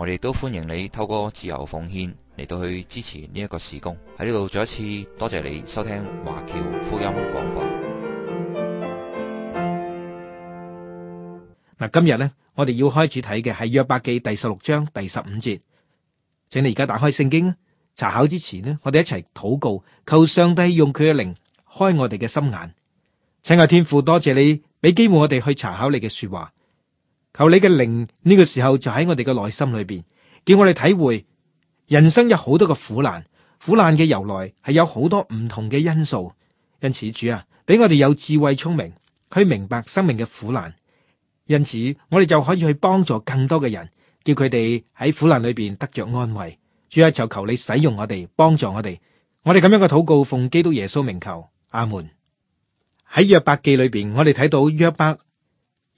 我哋都歡迎你透過自由奉獻嚟到去支持呢一個事工。喺呢度再一次多謝你收聽華僑福音廣播。嗱，今日咧，我哋要開始睇嘅係約伯記第十六章第十五節，請你而家打開聖經，查考之前呢，我哋一齊禱告，求上帝用佢嘅靈開我哋嘅心眼。親愛天父，多謝你俾機會我哋去查考你嘅說話。求你嘅靈呢個時候就喺我哋嘅內心裏邊，叫我哋體會人生有好多嘅苦難，苦難嘅由來係有好多唔同嘅因素。因此主啊，俾我哋有智慧聰明，佢明白生命嘅苦難。因此我哋就可以去幫助更多嘅人，叫佢哋喺苦難裏邊得着安慰。主啊，就求你使用我哋，幫助我哋。我哋咁樣嘅禱告奉基督耶穌名求，阿門。喺約伯記裏邊，我哋睇到約伯。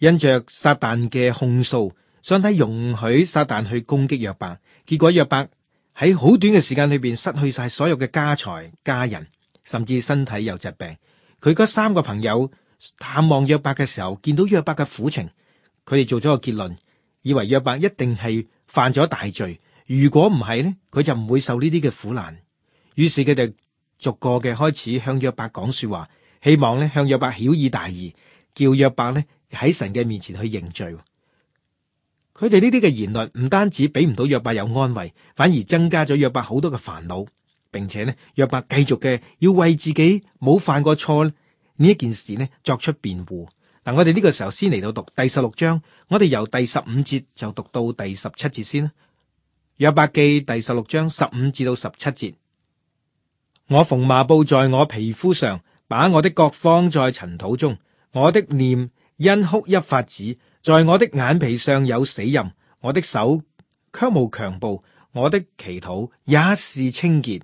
因着撒旦嘅控訴，想睇容許撒旦去攻擊約伯，結果約伯喺好短嘅時間裏邊失去晒所有嘅家財、家人，甚至身體有疾病。佢嗰三個朋友探望約伯嘅時候，見到約伯嘅苦情，佢哋做咗個結論，以為約伯一定係犯咗大罪。如果唔係咧，佢就唔會受呢啲嘅苦難。於是佢哋逐個嘅開始向約伯講說話，希望咧向約伯曉以大義，叫約伯咧，喺神嘅面前去認罪，佢哋呢啲嘅言論唔單止俾唔到約伯有安慰，反而增加咗約伯好多嘅煩惱，並且咧約伯繼續嘅要為自己冇犯過錯呢一件事咧作出辯護。嗱，我哋呢個時候先嚟到讀第十六章，我哋由第十五節就讀到第十七節先啦。約伯記第十六章十五至到十七節：我縫麻布在我皮膚上，把我的角放在塵土中，我的念。因哭一發子，在我的眼皮上有死蔭，我的手卻無強暴，我的祈禱也是清潔。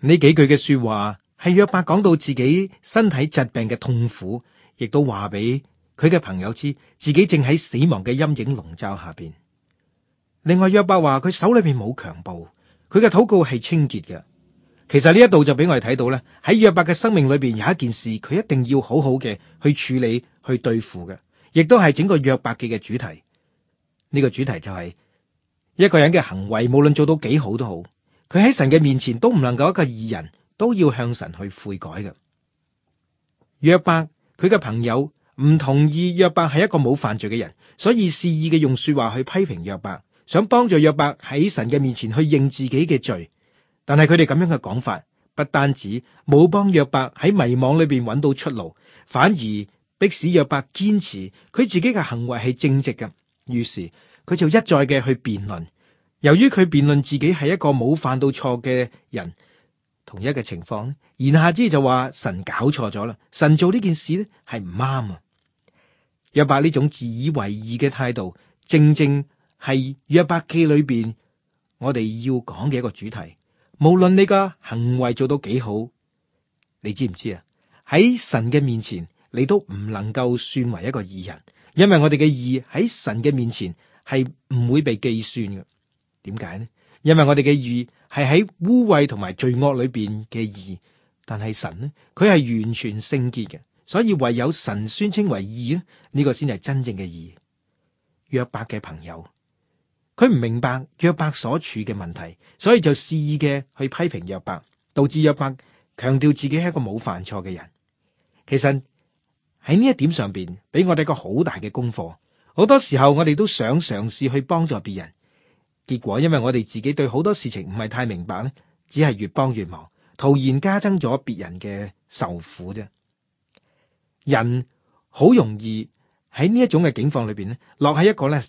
呢幾句嘅說話係約伯講到自己身體疾病嘅痛苦，亦都話俾佢嘅朋友知自己正喺死亡嘅陰影籠罩下邊。另外，約伯話佢手裏邊冇強暴，佢嘅禱告係清潔嘅。其實呢一度就俾我哋睇到咧，喺約伯嘅生命裏邊有一件事，佢一定要好好嘅去處理。去對付嘅，亦都係整個約伯記嘅主題。呢、這個主題就係、是、一個人嘅行為，無論做到幾好都好，佢喺神嘅面前都唔能夠一個義人，都要向神去悔改嘅。約伯佢嘅朋友唔同意約伯係一個冇犯罪嘅人，所以肆意嘅用說話去批評約伯，想幫助約伯喺神嘅面前去認自己嘅罪。但係佢哋咁樣嘅講法，不單止冇幫約伯喺迷茫裏邊揾到出路，反而。迫使約伯堅持佢自己嘅行為係正直嘅，於是佢就一再嘅去辯論。由於佢辯論自己係一個冇犯到錯嘅人，同一個情況，言下之意就話神搞錯咗啦，神做呢件事咧係唔啱啊！約伯呢種自以為義嘅態度，正正係約伯記裏邊我哋要講嘅一個主題。無論你嘅行為做到幾好，你知唔知啊？喺神嘅面前。你都唔能夠算為一個義人，因為我哋嘅義喺神嘅面前係唔會被計算嘅。點解呢？因為我哋嘅義係喺污穢同埋罪惡裏邊嘅義，但係神呢，佢係完全聖潔嘅，所以唯有神宣稱為義呢，呢個先係真正嘅義。約伯嘅朋友，佢唔明白約伯所處嘅問題，所以就肆意嘅去批評約伯，導致約伯強調自己係一個冇犯錯嘅人。其實。喺呢一點上邊，俾我哋個好大嘅功課。好多時候我哋都想嘗試去幫助別人，結果因為我哋自己對好多事情唔係太明白咧，只係越幫越忙，徒然加增咗別人嘅受苦啫。人好容易喺呢一種嘅境況裏邊咧，落喺一個咧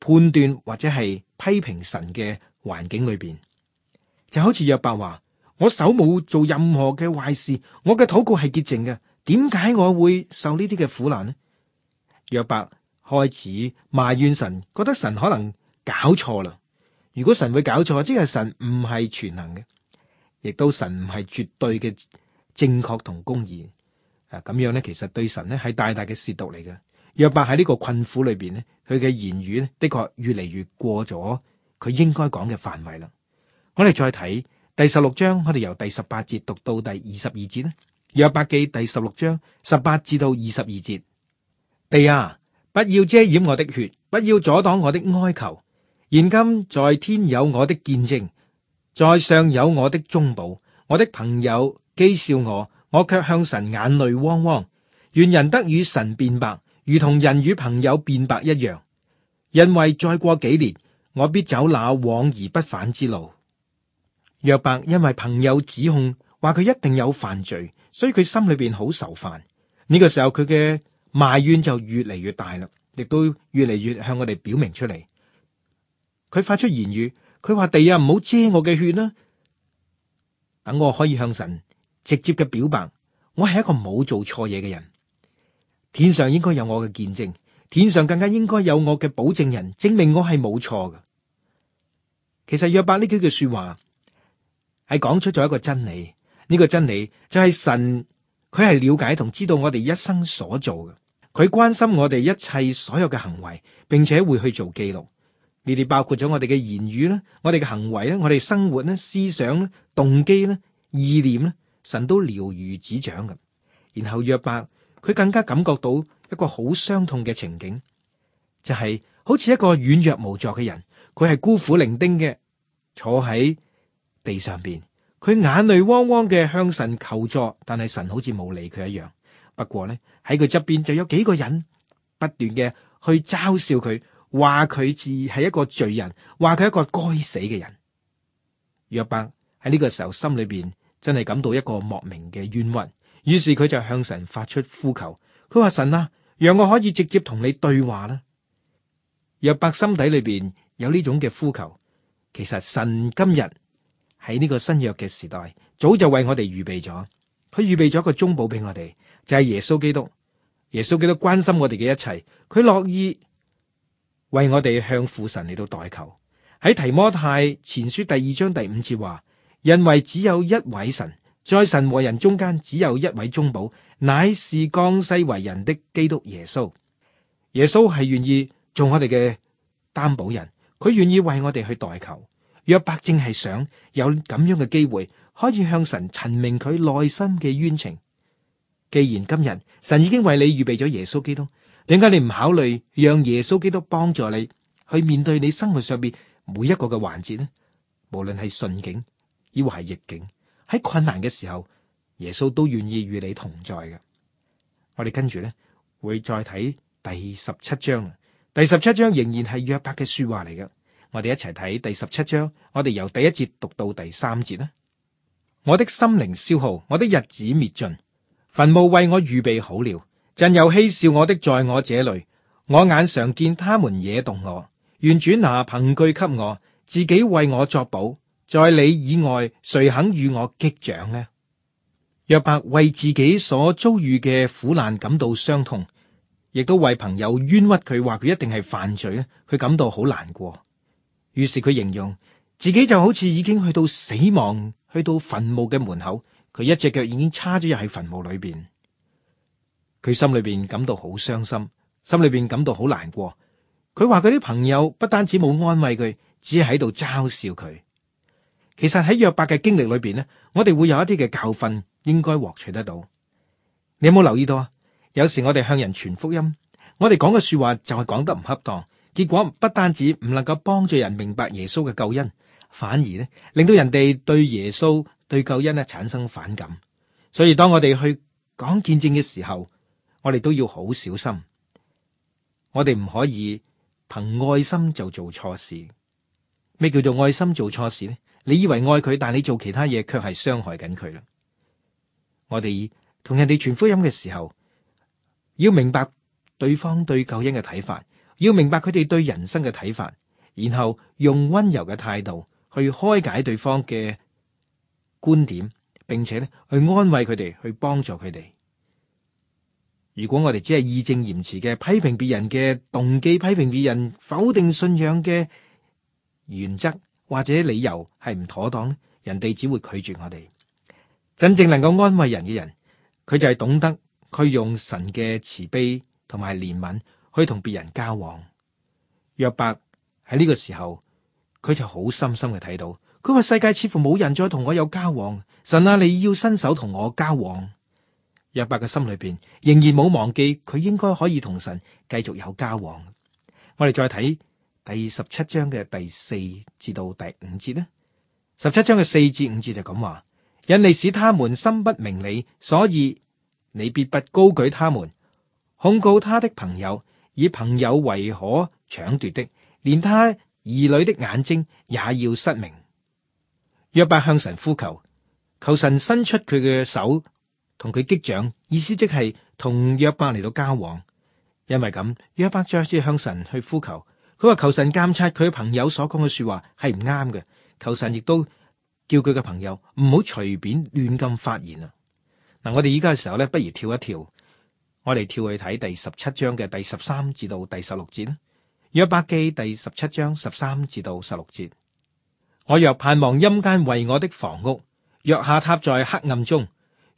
判斷或者係批評神嘅環境裏邊，就好似約伯話：我手冇做任何嘅壞事，我嘅禱告係潔淨嘅。點解我會受呢啲嘅苦難呢？約伯開始埋怨神，覺得神可能搞錯啦。如果神會搞錯，即係神唔係全能嘅，亦都神唔係絕對嘅正確同公義啊！咁樣咧，其實對神咧係大大嘅褻瀆嚟嘅。約伯喺呢個困苦裏邊咧，佢嘅言語咧，的確越嚟越過咗佢應該講嘅範圍啦。我哋再睇第十六章，我哋由第十八節讀到第二十二節咧。約伯記第十六章十八至到二十二節，地啊，不要遮掩我的血，不要阻擋我的哀求。現今在天有我的見證，在上有我的中保。我的朋友譏笑我，我卻向神眼淚汪汪。願人得與神辯白，如同人與朋友辯白一樣。因為再過幾年，我必走那往而不返之路。約伯因為朋友指控。話佢一定有犯罪，所以佢心裏邊好受煩。呢個時候佢嘅埋怨就越嚟越大啦，亦都越嚟越向我哋表明出嚟。佢發出言語，佢話地，啊唔好遮我嘅血啦，等我可以向神直接嘅表白，我係一個冇做錯嘢嘅人。天上應該有我嘅見證，天上更加應該有我嘅保證人，證明我係冇錯嘅。其實約伯呢幾句說話係講出咗一個真理。呢個真理就係神佢係了解同知道我哋一生所做嘅，佢關心我哋一切所有嘅行為，並且會去做記錄。呢啲包括咗我哋嘅言語咧，我哋嘅行為咧，我哋生活咧，思想咧，動機咧，意念咧,神都了如指掌嘅。然後約伯佢更加感覺到一個好傷痛嘅情景，就係、是、好似一個軟弱無助嘅人，佢係孤苦伶仃嘅，坐喺地上邊。佢眼淚汪汪嘅向神求助，但係神好似冇理佢一樣。不過咧，喺佢側邊就有幾個人不斷嘅去嘲笑佢，話佢自係一個罪人，話佢係一個該死嘅人。約伯喺呢個時候心裏邊真係感到一個莫名嘅冤屈，於是佢就向神發出呼求。佢話神啊，讓我可以直接同你對話啦。約伯心底裏邊有呢種嘅呼求，其實神今日。喺呢個新約嘅時代，早就為我哋預備咗，佢預備咗一個中保俾我哋，就係、是、耶穌基督。耶穌基督關心我哋嘅一切，佢樂意為我哋向父神嚟到代求。喺提摩太前書第二章第五節話：，因為只有一位神，在神和人中間只有一位中保，乃是降世為人的基督耶穌。耶穌係願意做我哋嘅擔保人，佢願意為我哋去代求。約伯正係想有咁樣嘅機會，可以向神陳明佢內心嘅冤情。既然今日神已經為你預備咗耶穌基督，點解你唔考慮讓耶穌基督幫助你去面對你生活上面每一個嘅環節呢？無論係順境，抑或係逆境，喺困難嘅時候，耶穌都願意與你同在嘅。我哋跟住呢，會再睇第十七章。第十七章仍然係約伯嘅說話嚟嘅。我哋一齊睇第十七章，我哋由第一節讀到第三節啦。我的心靈消耗，我的日子滅盡，墳墓為我預備好了。真有戲笑我的，在我這裏，我眼常見他們惹動我，願主拿憑據給我，自己為我作保。在你以外，誰肯與我擊掌呢？約伯為自己所遭遇嘅苦難感到傷痛，亦都為朋友冤屈佢，話佢一定係犯罪，佢感到好難過。於是佢形容自己就好似已經去到死亡，去到墳墓嘅門口，佢一隻腳已經叉咗入喺墳墓裏邊。佢心裏邊感到好傷心，心裏邊感到好難過。佢話佢啲朋友不單止冇安慰佢，只係喺度嘲笑佢。其實喺約伯嘅經歷裏邊咧，我哋會有一啲嘅教訓應該獲取得到。你有冇留意到啊？有時我哋向人傳福音，我哋講嘅說話就係講得唔恰當。結果不單止唔能夠幫助人明白耶穌嘅救恩，反而咧令到人哋對耶穌、對救恩呢產生反感。所以當我哋去講見證嘅時候，我哋都要好小心。我哋唔可以憑愛心就做錯事。咩叫做愛心做錯事呢？你以為愛佢，但你做其他嘢卻係傷害緊佢啦。我哋同人哋傳福音嘅時候，要明白對方對救恩嘅睇法。要明白佢哋對人生嘅睇法，然後用溫柔嘅態度去開解對方嘅觀點，並且咧去安慰佢哋，去幫助佢哋。如果我哋只係義正言辭嘅批評別人嘅動機，批評別人否定信仰嘅原則或者理由係唔妥當，人哋只會拒絕我哋。真正能夠安慰人嘅人，佢就係懂得佢用神嘅慈悲同埋憐憫。可以同別人交往。約伯喺呢個時候，佢就好深深嘅睇到，佢話世界似乎冇人再同我有交往。神啊，你要伸手同我交往。約伯嘅心裏邊仍然冇忘記，佢應該可以同神繼續有交往。我哋再睇第十七章嘅第四至到第五節呢，十七章嘅四至五節就咁話：因你使他們心不明理，所以你必不高舉他們，控告他的朋友。以朋友為可搶奪的，連他兒女的眼睛也要失明。約伯向神呼求，求神伸出佢嘅手同佢擊掌，意思即係同約伯嚟到交往。因為咁，約伯再次向神去呼求，佢話求神監察佢嘅朋友所講嘅說話係唔啱嘅，求神亦都叫佢嘅朋友唔好隨便亂咁發言啊！嗱，我哋而家嘅時候咧，不如跳一跳。我哋跳去睇第十七章嘅第十三至到第十六節啦，《約伯記》第十七章十三至到十六節。我若盼望陰間為我的房屋，若下榻在黑暗中，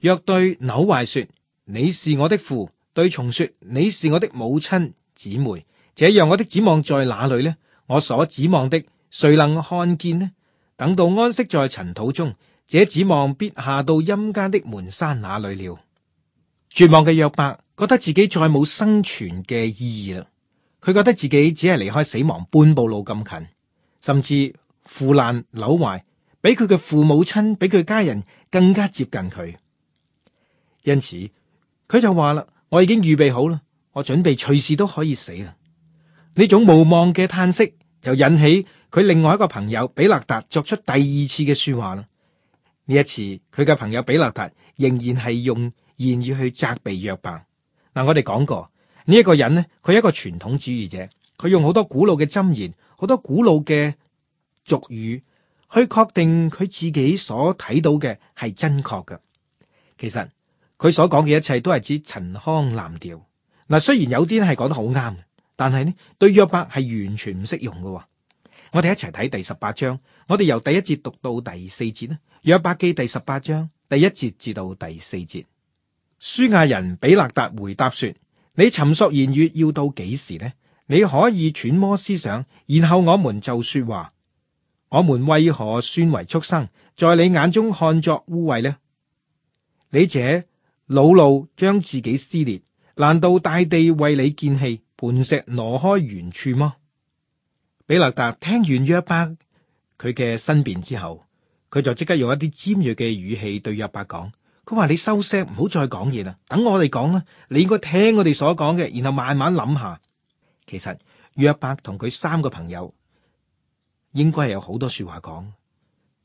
若對朽壞說你是我的父，對蟲說你是我的母親姊妹，這樣我的指望在哪裡呢？我所指望的誰能看見呢？等到安息在塵土中，這指望必下到陰間的門閂那裡了？絕望嘅約伯。覺得自己再冇生存嘅意義啦。佢覺得自己只係離開死亡半步路咁近，甚至腐爛扭壞，比佢嘅父母親、比佢家人更加接近佢。因此佢就話啦：我已經預備好啦，我準備隨時都可以死啦。呢種無望嘅嘆息就引起佢另外一個朋友比勒達作出第二次嘅說話啦。呢一次佢嘅朋友比勒達仍然係用言語去責備約伯。嗱、嗯，我哋講過、這個、人呢一個人咧，佢係一個傳統主義者，佢用好多古老嘅箴言、好多古老嘅俗語去確定佢自己所睇到嘅係真確嘅。其實佢所講嘅一切都係指陳腔濫調。嗱、嗯，雖然有啲係講得好啱，但係呢，對約伯係完全唔適用噶。我哋一齊睇第十八章，我哋由第一節讀到第四節啦，《約伯記》第十八章第一節至到第四節。舒亞人比勒達回答說：你尋索言語要到幾時呢？你可以揣摩思想，然後我們就說話。我們為何算為畜生，在你眼中看作污穢呢？你這老路將自己撕裂，難道大地為你見棄，磐石挪開原處嗎？比勒達聽完約伯佢嘅申辯之後，佢就即刻用一啲尖銳嘅語氣對約伯講。佢話你收聲，唔好再講嘢啦。等我哋講啦，你應該聽我哋所講嘅，然後慢慢諗下。其實約伯同佢三個朋友應該係有好多說話講，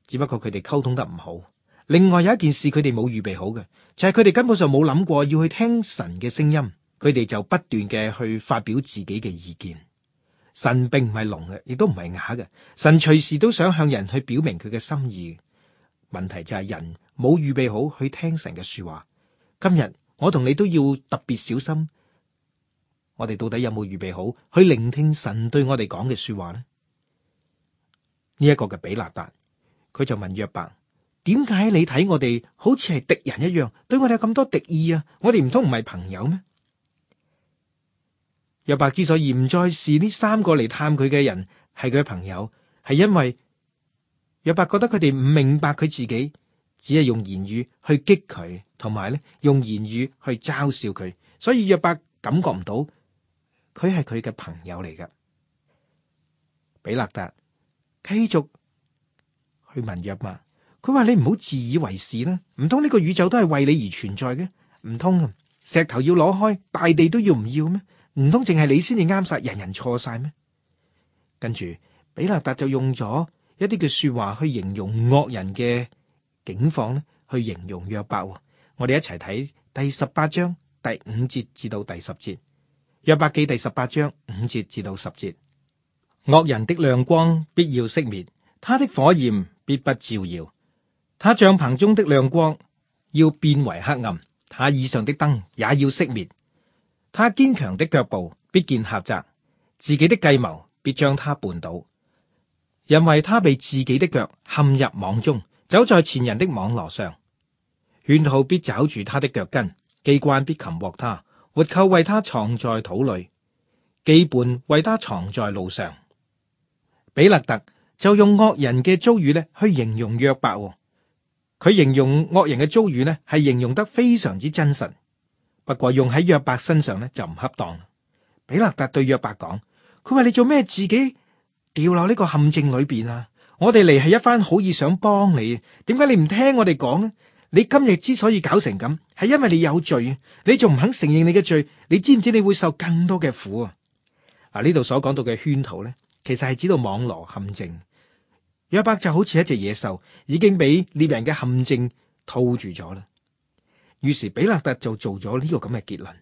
只不過佢哋溝通得唔好。另外有一件事佢哋冇預備好嘅，就係佢哋根本上冇諗過要去聽神嘅聲音，佢哋就不斷嘅去發表自己嘅意見。神並唔係聾嘅，亦都唔係啞嘅，神隨時都想向人去表明佢嘅心意。問題就係人。冇預備好去聽神嘅說話。今日我同你都要特別小心。我哋到底有冇預備好去聆聽神對我哋講嘅說話呢？呢、這、一個嘅比勒達，佢就問約伯：點解你睇我哋好似係敵人一樣，對我哋有咁多敵意啊？我哋唔通唔係朋友咩？約伯之所以唔再視呢三個嚟探佢嘅人係佢嘅朋友，係因為約伯覺得佢哋唔明白佢自己。只係用言語去激佢，同埋咧用言語去嘲笑佢，所以約伯感覺唔到佢係佢嘅朋友嚟㗎。比勒達繼續去問約伯，佢話你唔好自以為是啦，唔通呢個宇宙都係為你而存在嘅？唔通啊，石頭要攞開，大地都要唔要咩？唔通淨係你先至啱晒，人人錯晒咩？跟住比勒達就用咗一啲句說話去形容惡人嘅。警方咧去形容約伯，我哋一齊睇第十八章第五節至到第十節《約伯記》第十八章五節至到十節。惡人的亮光必要熄滅，他的火焰必不照耀。他帳棚中的亮光要變為黑暗，他以上的燈也要熄滅。他堅強的腳步必見狹窄，自己的計謀必將他絆倒，因為他被自己的腳陷入網中。走在前人的網絡上，沿途必抓住他的腳跟，機關必擒獲他，活扣為他藏在土裏，羈絆為他藏在路上。比勒特就用惡人嘅遭遇咧去形容約伯，佢形容惡人嘅遭遇咧係形容得非常之真實，不過用喺約伯身上咧就唔恰當。比勒特對約伯講：佢話你做咩自己掉落呢個陷阱裏邊啊？我哋嚟係一番好意想幫你，點解你唔聽我哋講咧？你今日之所以搞成咁，係因為你有罪，你仲唔肯承認你嘅罪？你知唔知你會受更多嘅苦啊？啊！呢度所講到嘅圈套咧，其實係指到網羅陷阱。約伯就好似一隻野獸，已經俾獵人嘅陷阱套住咗啦。於是比勒特就做咗呢個咁嘅結論。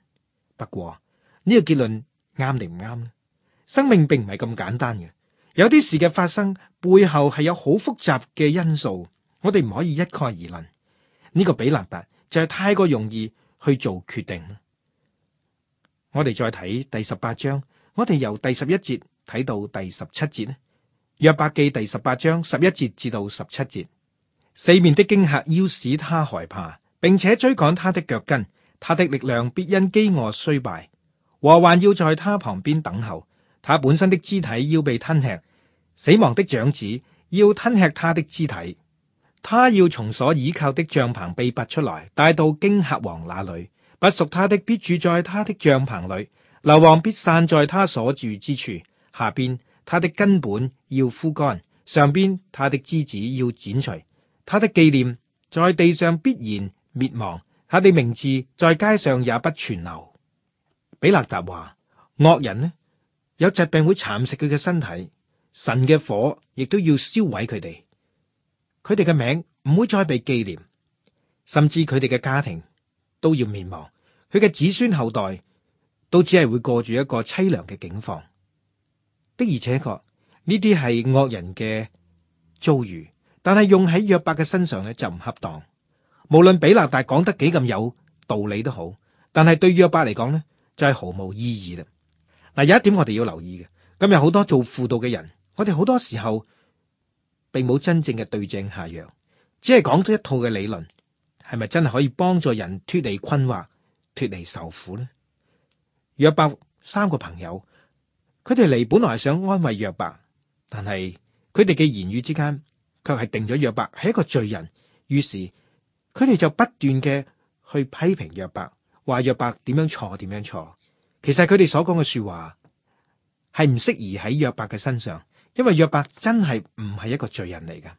不過呢個結論啱定唔啱咧？生命並唔係咁簡單嘅。有啲事嘅發生背後係有好複雜嘅因素，我哋唔可以一概而論。呢、這個比勒達，達就係太過容易去做決定。我哋再睇第十八章，我哋由第十一節睇到第十七節咧。約伯記第十八章十一節至到十七節，四面的驚嚇要使他害怕，並且追趕他的腳跟，他的力量必因饑餓衰敗。禍患要在他旁邊等候，他本身的肢體要被吞吃。死亡的長子要吞吃他的肢體，他要從所倚靠的帳棚被拔出來，帶到驚嚇王那裏。不屬他的必住在他的帳棚裏，硫磺必撒在他所住之處。下邊他的根本要枯乾，上邊他的枝子要剪除。他的紀念在地上必然滅亡，他的名字在街上也不存留。比勒達話：惡人呢，有疾病會蠶食佢嘅身體。神嘅火亦都要燒毀佢哋，佢哋嘅名唔會再被紀念，甚至佢哋嘅家庭都要滅亡，佢嘅子孫後代都只係會過住一個淒涼嘅境況。的而且確，呢啲係惡人嘅遭遇，但係用喺約伯嘅身上咧就唔恰當。無論比勒達講得幾咁有道理都好，但係對約伯嚟講咧就係毫無意義啦。嗱，有一點我哋要留意嘅，今日好多做輔導嘅人。我哋好多時候並冇真正嘅對症下藥，只係講咗一套嘅理論，係咪真係可以幫助人脫離困惑，脫離受苦呢？約伯三個朋友，佢哋嚟，本來係想安慰約伯，但係佢哋嘅言語之間，卻係定咗約伯係一個罪人。於是佢哋就不斷嘅去批評約伯，話約伯點樣錯，點樣錯。其實佢哋所講嘅說話係唔適宜喺約伯嘅身上。因為約伯真係唔係一個罪人嚟㗎，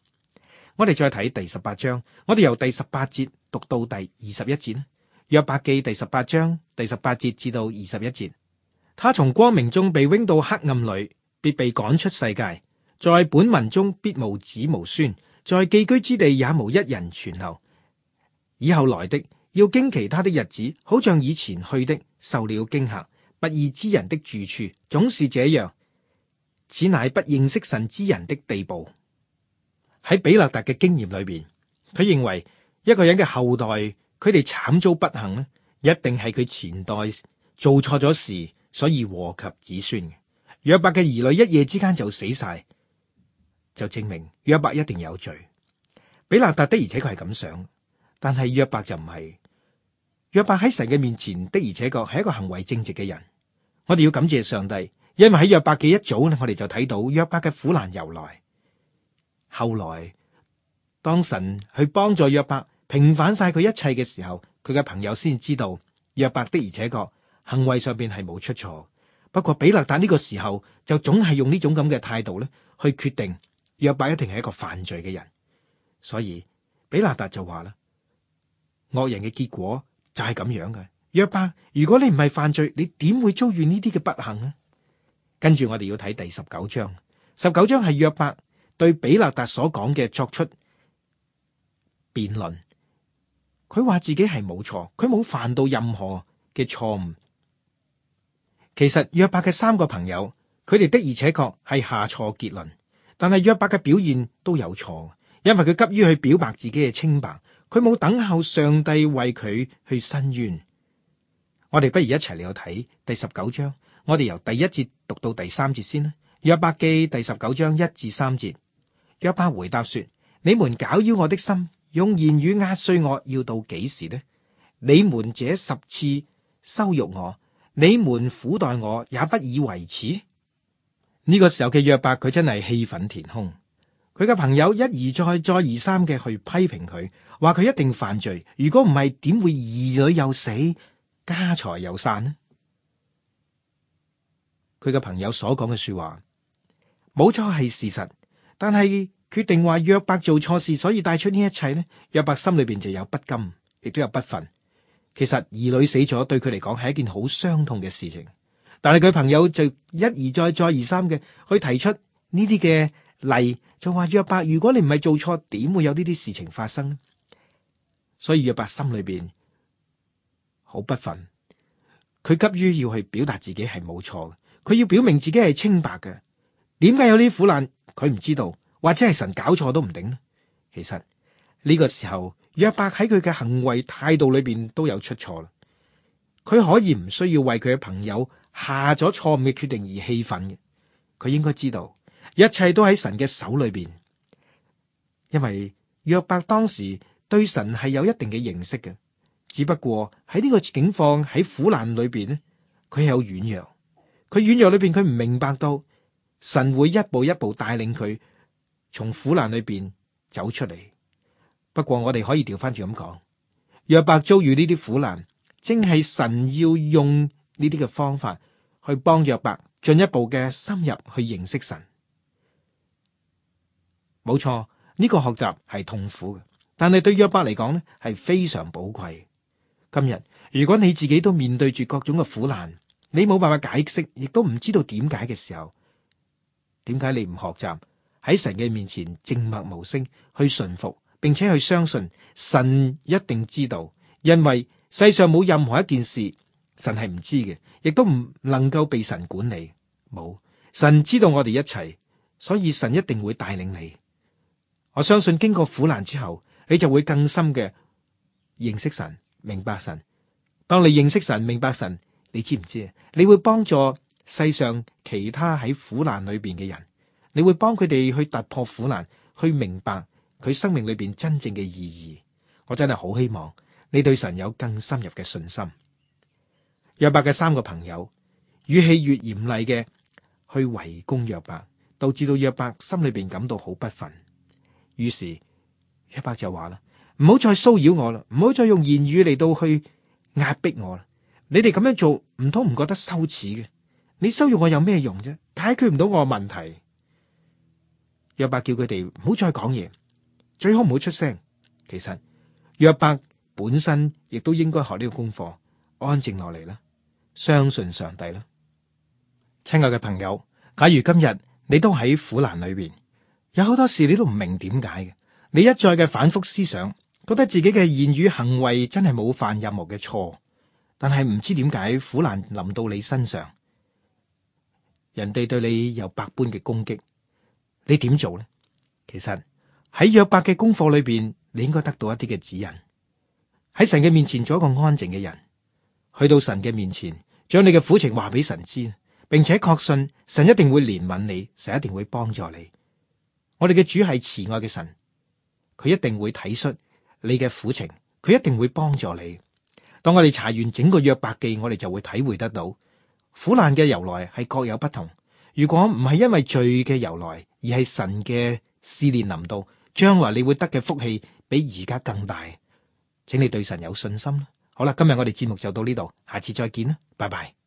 我哋再睇，第十八章，我哋由第十八節讀到第二十一節咧，《約伯記》第十八章第十八節至到二十一節，他從光明中被扔到黑暗裏，必被趕出世界，在本民中必無子無孫，在寄居之地也無一人存留。以後來的要驚奇他的日子，好像以前去的受了驚嚇，不義之人的住處總是這樣。此乃不認識神之人的地步。喺比拿特嘅經驗裏邊，佢認為一個人嘅後代，佢哋慘遭不幸咧，一定係佢前代做錯咗事，所以禍及子孫嘅。約伯嘅兒女一夜之間就死晒，就證明約伯一定有罪。比拿特的而且確係咁想，但係約伯就唔係。約伯喺神嘅面前的而且確係一個行為正直嘅人。我哋要感謝上帝。因為喺約伯記一早咧，我哋就睇到約伯嘅苦難由來。後來當神去幫助約伯平反晒佢一切嘅時候，佢嘅朋友先知道約伯的而且確行為上面係冇出錯。不過比勒達呢個時候就總係用呢種咁嘅態度咧去決定約伯一定係一個犯罪嘅人。所以比勒達就話啦：惡人嘅結果就係咁樣嘅。約伯，如果你唔係犯罪，你點會遭遇呢啲嘅不幸呢？」跟住我哋要睇第十九章，十九章係約伯對比勒達所講嘅作出辯論。佢話自己係冇錯，佢冇犯到任何嘅錯誤。其實約伯嘅三個朋友，佢哋的而且確係下錯結論。但係約伯嘅表現都有錯，因為佢急於去表白自己嘅清白，佢冇等候上帝為佢去伸冤。我哋不如一齊嚟去睇第十九章。我哋由第一節讀到第三節先啦，《約伯記》第十九章一至三節。約伯回答說：你們攪擾我的心，用言語壓碎我，要到幾時呢？你們這十次羞辱我，你們苦待我，也不以為恥？呢個時候嘅約伯，佢真係氣憤填胸。佢嘅朋友一而再、再而三嘅去批評佢，話佢一定犯罪。如果唔係，點會兒女又死、家財又散呢？佢嘅朋友所講嘅說話冇錯係事實，但係決定話約伯做錯事，所以帶出呢一切咧。約伯心裏邊就有不甘，亦都有不忿。其實兒女死咗對佢嚟講係一件好傷痛嘅事情，但係佢朋友就一而再、再而三嘅去提出呢啲嘅例，就話約伯，如果你唔係做錯，點會有呢啲事情發生？所以約伯心裏邊好不忿，佢急於要去表達自己係冇錯嘅。佢要表明自己係清白嘅，點解有啲苦難？佢唔知道，或者係神搞錯都唔定呢。其實呢個時候，約伯喺佢嘅行為態度裏邊都有出錯啦。佢可以唔需要為佢嘅朋友下咗錯誤嘅決定而氣憤嘅。佢應該知道一切都喺神嘅手裏邊，因為約伯當時對神係有一定嘅認識嘅。只不過喺呢個境況喺苦難裏邊咧，佢有軟弱。佢軟弱裏邊，佢唔明白到神會一步一步帶領佢從苦難裏邊走出嚟。不過我哋可以調翻轉咁講，約伯遭遇呢啲苦難，正係神要用呢啲嘅方法去幫約伯進一步嘅深入去認識神。冇錯，呢個學習係痛苦嘅，但係對約伯嚟講呢係非常寶貴。今日如果你自己都面對住各種嘅苦難。你冇辦法解釋，亦都唔知道點解嘅時候，點解你唔學習喺神嘅面前靜默無聲去順服，並且去相信神一定知道，因為世上冇任何一件事神係唔知嘅，亦都唔能夠被神管理。冇神知道我哋一切，所以神一定會帶領你。我相信經過苦難之後，你就會更深嘅認識神，明白神。當你認識神，明白神。你知唔知啊？你會幫助世上其他喺苦難裏邊嘅人，你會幫佢哋去突破苦難，去明白佢生命裏邊真正嘅意義。我真係好希望你對神有更深入嘅信心。約伯嘅三個朋友語氣越嚴厲嘅去圍攻約伯，導致到約伯心裏邊感到好不忿。於是約伯就話啦：唔好再騷擾我啦，唔好再用言語嚟到去壓迫我啦。你哋咁樣做，唔通唔覺得羞恥嘅？你羞辱我有咩用啫？解決唔到我問題。約伯叫佢哋唔好再講嘢，最好唔好出聲。其實約伯本身亦都應該學呢個功課，安靜落嚟啦，相信上帝啦。親愛嘅朋友，假如今日你都喺苦難裏邊，有好多事你都唔明點解嘅，你一再嘅反覆思想，覺得自己嘅言語行為真係冇犯任何嘅錯。但係唔知點解苦難臨到你身上，人哋對你有百般嘅攻擊，你點做呢？其實喺約伯嘅功課裏邊，你應該得到一啲嘅指引。喺神嘅面前做一個安靜嘅人，去到神嘅面前，將你嘅苦情話俾神知，並且確信神一定會憐憫你，神一定會幫助你。我哋嘅主係慈愛嘅神，佢一定會體恤你嘅苦情，佢一定會幫助你。當我哋查完整個約伯記，我哋就會體會得到苦難嘅由來係各有不同。如果唔係因為罪嘅由來，而係神嘅思念臨到，將來你會得嘅福氣比而家更大。請你對神有信心啦。好啦，今日我哋節目就到呢度，下次再見啦，拜拜。